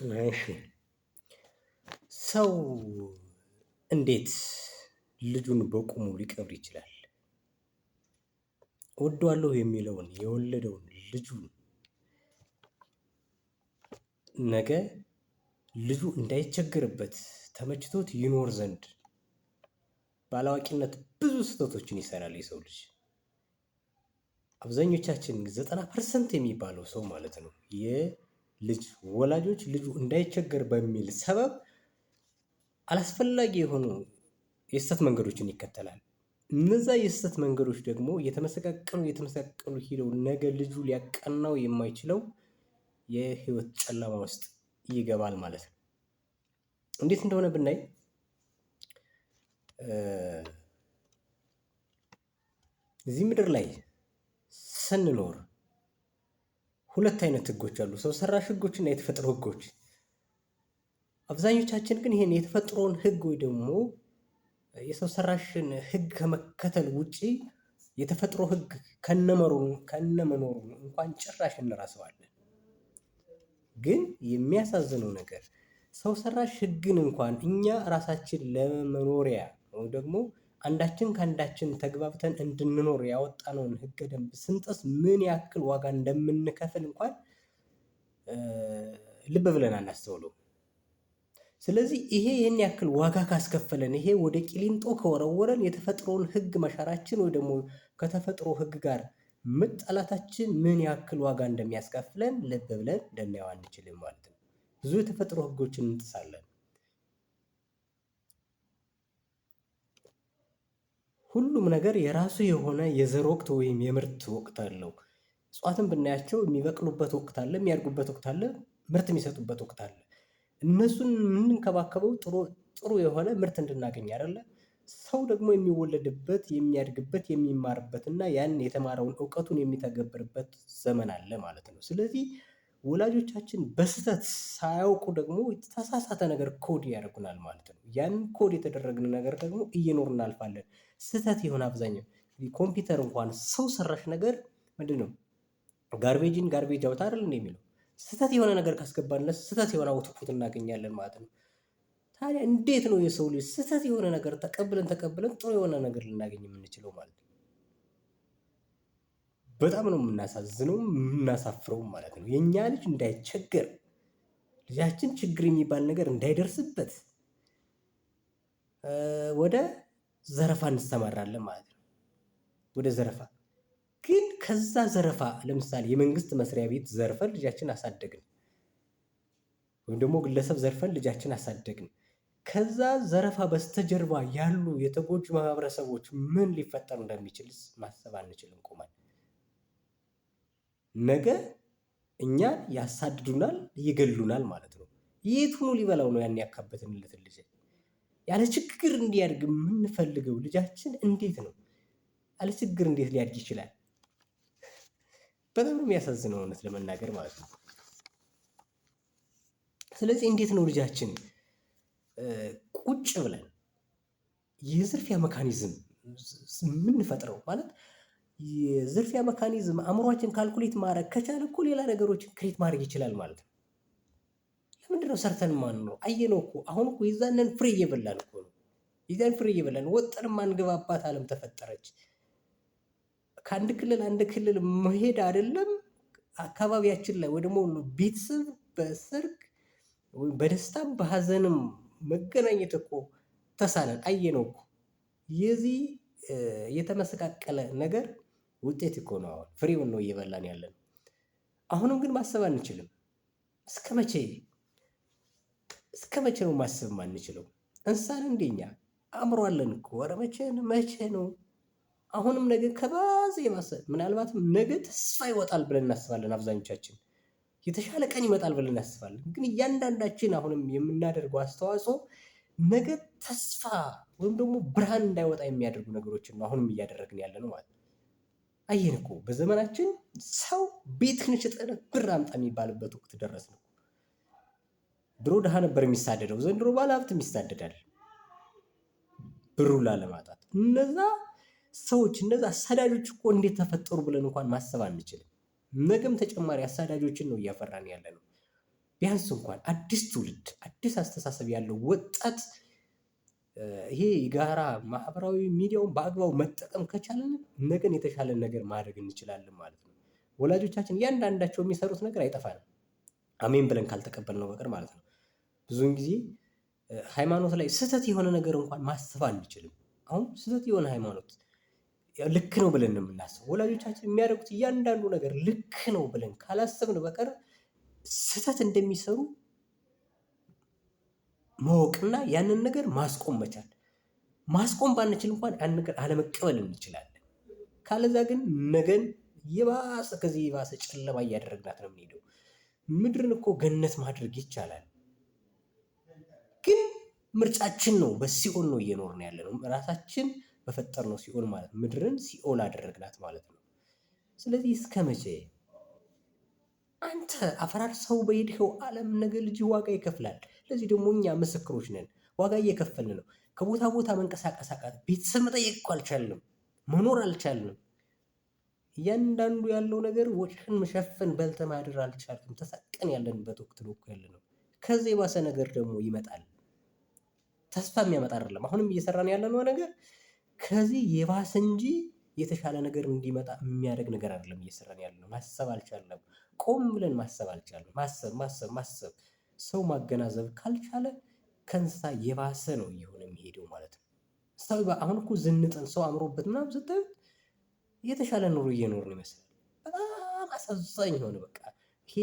እሺ ሰው እንዴት ልጁን በቁሙ ሊቀብር ይችላል? እወደዋለሁ የሚለውን የወለደውን ልጁን ነገ ልጁ እንዳይቸገርበት ተመችቶት ይኖር ዘንድ ባላዋቂነት ብዙ ስህተቶችን ይሰራል የሰው ልጅ። አብዛኞቻችን ዘጠና ፐርሰንት የሚባለው ሰው ማለት ነው ልጅ ወላጆች ልጁ እንዳይቸገር በሚል ሰበብ አላስፈላጊ የሆኑ የስህተት መንገዶችን ይከተላል። እነዛ የስህተት መንገዶች ደግሞ የተመሰቃቀሉ የተመሰቃቀሉ ሂደው ነገ ልጁ ሊያቀናው የማይችለው የህይወት ጨለማ ውስጥ ይገባል ማለት ነው። እንዴት እንደሆነ ብናይ እዚህ ምድር ላይ ስንኖር ሁለት አይነት ህጎች አሉ፣ ሰው ሰራሽ ህጎች እና የተፈጥሮ ህጎች። አብዛኞቻችን ግን ይህን የተፈጥሮን ህግ ወይ ደግሞ የሰው ሰራሽን ህግ ከመከተል ውጪ የተፈጥሮ ህግ ከነመኖሩ ከነመኖሩ እንኳን ጭራሽ እንራሰዋለን። ግን የሚያሳዝነው ነገር ሰው ሰራሽ ህግን እንኳን እኛ ራሳችን ለመኖሪያ ወይ ደግሞ አንዳችን ከአንዳችን ተግባብተን እንድንኖር ያወጣነውን ህገ ደንብ ስንጥስ ምን ያክል ዋጋ እንደምንከፍል እንኳን ልብ ብለን አናስተውለው ስለዚህ ይሄ ይህን ያክል ዋጋ ካስከፈለን ይሄ ወደ ቂሊንጦ ከወረወረን የተፈጥሮን ህግ መሻራችን ወይ ደግሞ ከተፈጥሮ ህግ ጋር መጣላታችን ምን ያክል ዋጋ እንደሚያስከፍለን ልብ ብለን ልናየው አንችልም ማለት ነው። ብዙ የተፈጥሮ ህጎችን እንጥሳለን። ሁሉም ነገር የራሱ የሆነ የዘር ወቅት ወይም የምርት ወቅት አለው። እጽዋትን ብናያቸው የሚበቅሉበት ወቅት አለ፣ የሚያድጉበት ወቅት አለ፣ ምርት የሚሰጡበት ወቅት አለ። እነሱን የምንንከባከበው ጥሩ የሆነ ምርት እንድናገኝ አይደለ? ሰው ደግሞ የሚወለድበት የሚያድግበት የሚማርበት እና ያን የተማረውን እውቀቱን የሚተገብርበት ዘመን አለ ማለት ነው። ስለዚህ ወላጆቻችን በስህተት ሳያውቁ ደግሞ ተሳሳተ ነገር ኮድ ያደርጉናል ማለት ነው። ያን ኮድ የተደረግን ነገር ደግሞ እየኖር እናልፋለን። ስህተት የሆነ አብዛኛው ኮምፒውተር እንኳን ሰው ሰራሽ ነገር ምንድን ነው ጋርቤጅን ጋርቤጅ አውታ አይደል እንደ የሚለው ስህተት የሆነ ነገር ካስገባንለት ስህተት የሆነ አውትፑት እናገኛለን ማለት ነው። ታዲያ እንዴት ነው የሰው ልጅ ስህተት የሆነ ነገር ተቀብለን ተቀብለን ጥሩ የሆነ ነገር ልናገኝ የምንችለው ማለት ነው? በጣም ነው የምናሳዝነው የምናሳፍረው ማለት ነው። የእኛ ልጅ እንዳይቸገር ልጃችን ችግር የሚባል ነገር እንዳይደርስበት ወደ ዘረፋ እንሰማራለን ማለት ነው። ወደ ዘረፋ ግን ከዛ ዘረፋ ለምሳሌ የመንግስት መስሪያ ቤት ዘርፈን ልጃችን አሳደግን፣ ወይም ደግሞ ግለሰብ ዘርፈን ልጃችን አሳደግን። ከዛ ዘረፋ በስተጀርባ ያሉ የተጎጁ ማህበረሰቦች ምን ሊፈጠሩ እንደሚችልስ ማሰብ አንችልም ቁማል ነገ እኛ ያሳድዱናል፣ ይገሉናል ማለት ነው። ሆኖ ሊበላው ነው ያን ያካበትንለትን ልጅ? ያለ ችግር እንዲያድግ የምንፈልገው ልጃችን እንዴት ነው? ያለ ችግር እንዴት ሊያድግ ይችላል? በጣም ነው የሚያሳዝነው እውነት ለመናገር ማለት ነው። ስለዚህ እንዴት ነው ልጃችን ቁጭ ብለን የዝርፊያ መካኒዝም የምንፈጥረው ማለት የዝርፊያ መካኒዝም አእምሯችን ካልኩሌት ማድረግ ከቻለ እኮ ሌላ ነገሮችን ክሬት ማድረግ ይችላል ማለት ነው። ለምንድነው ሰርተን ነው አየነው እኮ አሁን እኮ የዛንን ፍሬ እየበላን እኮ ነው። የዛን ፍሬ እየበላን ወጥን ማንገባባት ዓለም ተፈጠረች። ከአንድ ክልል አንድ ክልል መሄድ አይደለም አካባቢያችን ላይ ወይ ደግሞ ቤተሰብ በሰርግ ወይም በደስታም በሀዘንም መገናኘት እኮ ተሳለን። አየነው እኮ የዚህ የተመሰቃቀለ ነገር ውጤት እኮ ነው። አሁን ፍሬውን ነው እየበላን ያለን። አሁንም ግን ማሰብ አንችልም። እስከ መቼ እስከ መቼ ነው ማሰብ ማንችለው? እንስሳን እንደኛ አእምሮ አለን እኮ። ኧረ መቼ መቼ ነው አሁንም ነገ ከባዝ የባሰ ምናልባትም ነገ ተስፋ ይወጣል ብለን እናስባለን። አብዛኞቻችን የተሻለ ቀን ይመጣል ብለን እናስባለን። ግን እያንዳንዳችን አሁንም የምናደርገው አስተዋጽኦ ነገ ተስፋ ወይም ደግሞ ብርሃን እንዳይወጣ የሚያደርጉ ነገሮችን ነው አሁንም እያደረግን ያለ ነው ማለት አየን እኮ በዘመናችን ሰው ቤትህን ሸጠህ ብር አምጣ የሚባልበት ወቅት ነው። ድሮ ድሃ ነበር የሚሳደደው፣ ዘንድሮ ባለ ሀብት ይሳደዳል ብሩ ላለማጣት። እነዛ ሰዎች እነዛ አሳዳጆች እኮ እንዴት ተፈጠሩ ብለን እንኳን ማሰብ አንችልም። ነገም ተጨማሪ አሳዳጆችን ነው እያፈራን ያለ ነው። ቢያንስ እንኳን አዲስ ትውልድ አዲስ አስተሳሰብ ያለው ወጣት ይሄ የጋራ ማህበራዊ ሚዲያውን በአግባቡ መጠቀም ከቻለን ነገን የተሻለን ነገር ማድረግ እንችላለን ማለት ነው። ወላጆቻችን እያንዳንዳቸው የሚሰሩት ነገር አይጠፋንም አሜን ብለን ካልተቀበልነው በቀር ማለት ነው። ብዙን ጊዜ ሃይማኖት ላይ ስህተት የሆነ ነገር እንኳን ማሰብ አንችልም። አሁን ስህተት የሆነ ሃይማኖት ልክ ነው ብለን ነው የምናስበው። ወላጆቻችን የሚያደርጉት እያንዳንዱ ነገር ልክ ነው ብለን ካላሰብን በቀር ስህተት እንደሚሰሩ ማወቅና ያንን ነገር ማስቆም መቻል። ማስቆም ባንችል እንኳን ያን ነገር አለመቀበል እንችላለን። ካለዛ ግን ነገን የባሰ ከዚህ የባሰ ጨለማ እያደረግናት ነው የምንሄደው። ምድርን እኮ ገነት ማድረግ ይቻላል፣ ግን ምርጫችን ነው። በሲኦል ነው እየኖርን ያለ ነው። ራሳችን በፈጠር ነው ሲኦል ማለት ምድርን ሲኦል አደረግናት ማለት ነው። ስለዚህ እስከ መቼ አንተ አፈራርሰው በሄድኸው ዓለም ነገ ልጅ ዋጋ ይከፍላል። ለዚህ ደግሞ እኛ ምስክሮች ነን። ዋጋ እየከፈልን ነው። ከቦታ ቦታ መንቀሳቀስ አቃት። ቤተሰብ መጠየቅ እኮ አልቻልንም። መኖር አልቻልንም። እያንዳንዱ ያለው ነገር ወጭን መሸፈን በልተ ማድር አልቻልንም። ተሰቀን ያለንበት ወቅት ነው ያለ ነው። ከዚህ የባሰ ነገር ደግሞ ይመጣል። ተስፋ የሚያመጣ አይደለም። አሁንም እየሰራን ያለነው ነገር ከዚህ የባሰ እንጂ የተሻለ ነገር እንዲመጣ የሚያደርግ ነገር አይደለም እየሰራን ያለ ነው። ማሰብ አልቻለም። ቆም ብለን ማሰብ አልቻለም። ማሰብ ማሰብ ማሰብ ሰው ማገናዘብ ካልቻለ ከእንስሳ የባሰ ነው እየሆነ የሚሄደው ማለት ነው። ሰው አሁን እኮ ዝንጠን ሰው አምሮበት ምናምን ስታዩት የተሻለ ኑሮ ነው ይመስላል። በጣም አሳዛኝ የሆነ በቃ ይሄ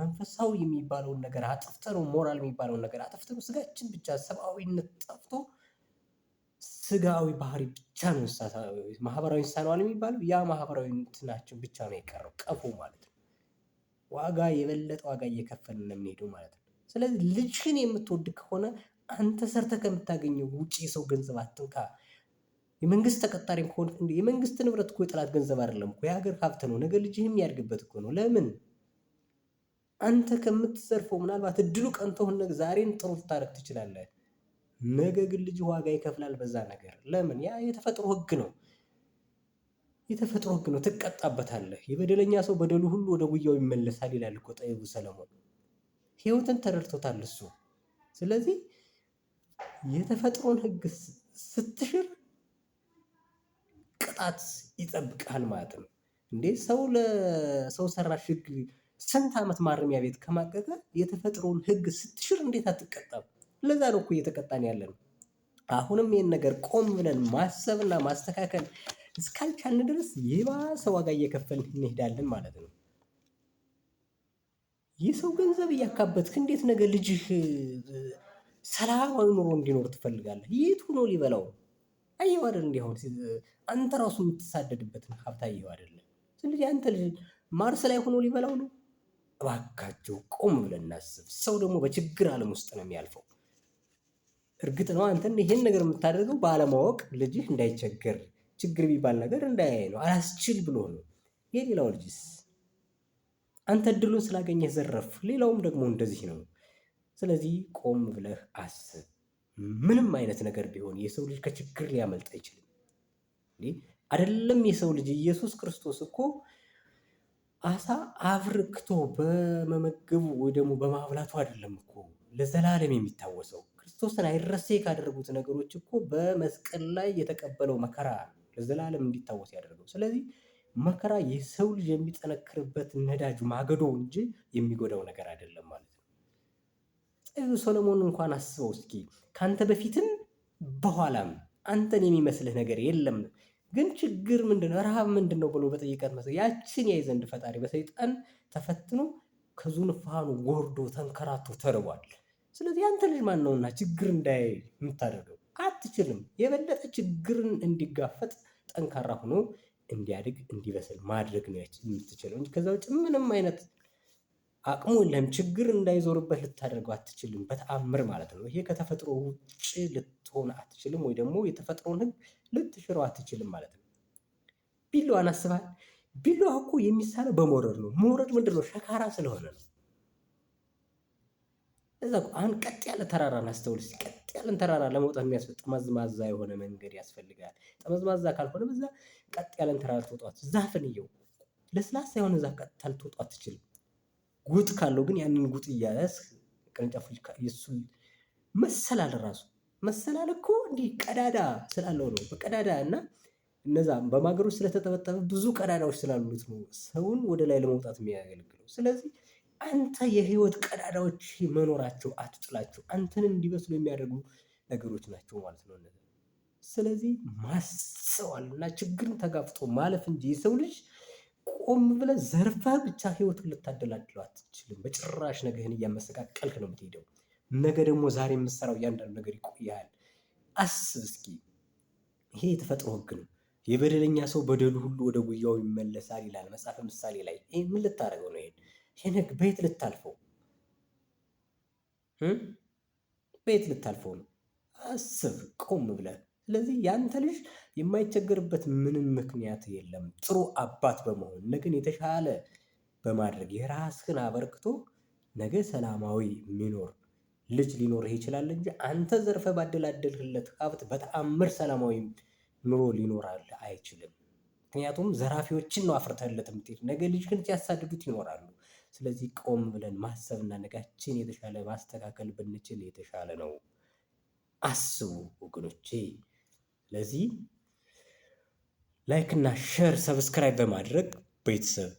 መንፈሳዊ የሚባለውን ነገር ነው ሞራል የሚባለውን ነገር ነው ስጋችን ብቻ ሰብአዊነት ጠፍቶ ስጋዊ ባህሪ ብቻ ነው ማህበራዊ እንስሳ ነው የሚባለው። ያ ማህበራዊ እንትናቸው ብቻ ነው የቀረው ቀፎ ማለት ነው። ዋጋ የበለጠ ዋጋ እየከፈልን ነው የምንሄደው ማለት ነው። ስለዚህ ልጅህን የምትወድ ከሆነ አንተ ሰርተህ ከምታገኘው ውጭ የሰው ገንዘብ አትንካ። የመንግስት ተቀጣሪ ከሆነ የመንግስት ንብረት እኮ የጠላት ገንዘብ አይደለም እኮ የሀገር ሀብት ነው። ነገ ልጅህም ያድግበት እኮ ነው። ለምን አንተ ከምትዘርፈው ምናልባት እድሉ ቀንቶህ ዛሬን ጥሩ ልታደርግ ትችላለህ። ነገ ግን ልጅ ዋጋ ይከፍላል በዛ ነገር። ለምን? ያ የተፈጥሮ ህግ ነው። የተፈጥሮ ህግ ነው። ትቀጣበታለህ። የበደለኛ ሰው በደሉ ሁሉ ወደ ጉያው ይመለሳል ይላል እኮ ጠቢቡ ሰለሞን። ህይወትን ተረድቶታል እሱ። ስለዚህ የተፈጥሮን ህግ ስትሽር ቅጣት ይጠብቃል ማለት ነው። እንዴ ሰው ለሰው ሰራሽ ህግ ስንት ዓመት ማረሚያ ቤት ከማቀቀ የተፈጥሮን ህግ ስትሽር እንዴት አትቀጣም? ለዛ ነው እኮ እየተቀጣን ያለ ነው። አሁንም ይህን ነገር ቆም ብለን ማሰብና ማስተካከል እስካልቻልን ድረስ የባሰ ዋጋ እየከፈልን እንሄዳለን ማለት ነው። የሰው ገንዘብ እያካበትክ እንዴት ነገ ልጅህ ሰላማዊ ኑሮ እንዲኖር ትፈልጋለህ? የት ሆኖ ሊበላው አየው አይደል? እንዲሆን አንተ ራሱ የምትሳደድበትን ሀብት አየው አይደለ? ስለዚህ አንተ ልጅ ማርስ ላይ ሆኖ ሊበላው ነው። እባካቸው ቆም ብለን እናስብ። ሰው ደግሞ በችግር ዓለም ውስጥ ነው የሚያልፈው። እርግጥ ነው አንተን ይሄን ነገር የምታደርገው ባለማወቅ ልጅህ እንዳይቸገር ችግር የሚባል ነገር እንዳያይ ነው፣ አላስችል ብሎ ነው። የሌላው ልጅስ አንተ እድሉን ስላገኘህ ዘረፍ፣ ሌላውም ደግሞ እንደዚህ ነው። ስለዚህ ቆም ብለህ አስብ። ምንም አይነት ነገር ቢሆን የሰው ልጅ ከችግር ሊያመልጥ አይችልም። አይደለም የሰው ልጅ ኢየሱስ ክርስቶስ እኮ አሳ አብርክቶ በመመገቡ ወይ ደግሞ በማብላቱ አይደለም እኮ ለዘላለም የሚታወሰው ሶስትን አይረሴ ካደረጉት ነገሮች እኮ በመስቀል ላይ የተቀበለው መከራ ለዘላለም እንዲታወስ ያደርገው። ስለዚህ መከራ የሰው ልጅ የሚጠነክርበት ነዳጅ ማገዶ እንጂ የሚጎዳው ነገር አይደለም ማለት ነው። ጠቢቡ እንኳን አስበው እስኪ ከአንተ በፊትም በኋላም አንተን የሚመስልህ ነገር የለም፣ ግን ችግር ምንድነው ረሃብ ምንድነው ብሎ በጠይቀት መስ ያችን ያይ ዘንድ ፈጣሪ በሰይጣን ተፈትኖ ከዙፋኑ ወርዶ ተንከራቶ ተርቧል። ስለዚህ አንተ ልጅ ማን ነውና ችግር እንዳይ የምታደርገው? አትችልም። የበለጠ ችግርን እንዲጋፈጥ ጠንካራ ሆኖ እንዲያድግ እንዲበስል ማድረግ ነው የምትችለው እንጂ ከዛ ውጭ ምንም አይነት አቅሙ ለም ችግር እንዳይዞርበት ልታደርገው አትችልም፣ በተአምር ማለት ነው። ይሄ ከተፈጥሮ ውጭ ልትሆን አትችልም፣ ወይ ደግሞ የተፈጥሮን ሕግ ልትሽረው አትችልም ማለት ነው። ቢላዋን አስበሃል? ቢላዋ እኮ የሚሳለው በመውረድ ነው። መውረድ ምንድን ነው? ሸካራ ስለሆነ ነው። እዛ አሁን ቀጥ ያለ ተራራን አስተውል። ቀጥ ያለን ተራራ ለመውጣት የሚያስፈል ጠመዝማዛ የሆነ መንገድ ያስፈልጋል። ጠመዝማዛ ካልሆነ በዛ ቀጥ ያለን ተራራ ትወጣት። ዛፍን እየው፣ ለስላሳ የሆነ ዛፍ ቀጥታ ልትወጣ አትችልም። ጉጥ ካለው ግን ያንን ጉጥ እያያዝ ቅርንጫፎች የሱን መሰላል ራሱ መሰላል እኮ እንዲህ ቀዳዳ ስላለው ነው። በቀዳዳ እና እነዛ በማገሮች ስለተጠበጠበ ብዙ ቀዳዳዎች ስላሉት ነው ሰውን ወደ ላይ ለመውጣት የሚያገለግለው። ስለዚህ አንተ የህይወት ቀዳዳዎች መኖራቸው አትጥላቸው። አንተን እንዲበስሉ የሚያደርጉ ነገሮች ናቸው ማለት ነው። ስለዚህ ማስተዋል እና ችግርን ተጋፍጦ ማለፍ እንጂ የሰው ልጅ ቆም ብለህ ዘርፋ ብቻ ህይወትን ልታደላድለው አትችልም። በጭራሽ ነገህን እያመሰቃቀልክ ነው የምትሄደው። ነገ ደግሞ ዛሬ የምትሰራው እያንዳንዱ ነገር ይቆያል። አስብ እስኪ። ይሄ የተፈጥሮ ህግ ነው። የበደለኛ ሰው በደሉ ሁሉ ወደ ጉያው ይመለሳል ይላል መጽሐፈ ምሳሌ ላይ። ምን ልታደርገው ነው? ይሄን ሄነግ በየት ልታልፈው በየት ልታልፈው ነው? አስብ ቆም ብለህ። ስለዚህ ያንተ ልጅ የማይቸገርበት ምንም ምክንያት የለም። ጥሩ አባት በመሆን ነገን የተሻለ በማድረግ የራስህን አበርክቶ ነገ ሰላማዊ የሚኖር ልጅ ሊኖርህ ይችላል እንጂ አንተ ዘርፈ ባደላደልህለት ሀብት በተአምር ሰላማዊ ኑሮ ሊኖራል አይችልም። ምክንያቱም ዘራፊዎችን ነው አፍርተህለት የምትሄድ። ነገ ልጅ ግን ሲያሳድዱት ይኖራሉ። ስለዚህ ቆም ብለን ማሰብና ነጋችን የተሻለ ማስተካከል ብንችል የተሻለ ነው። አስቡ ወገኖቼ። ስለዚህ ላይክ እና ሼር ሰብስክራይብ በማድረግ ቤተሰብ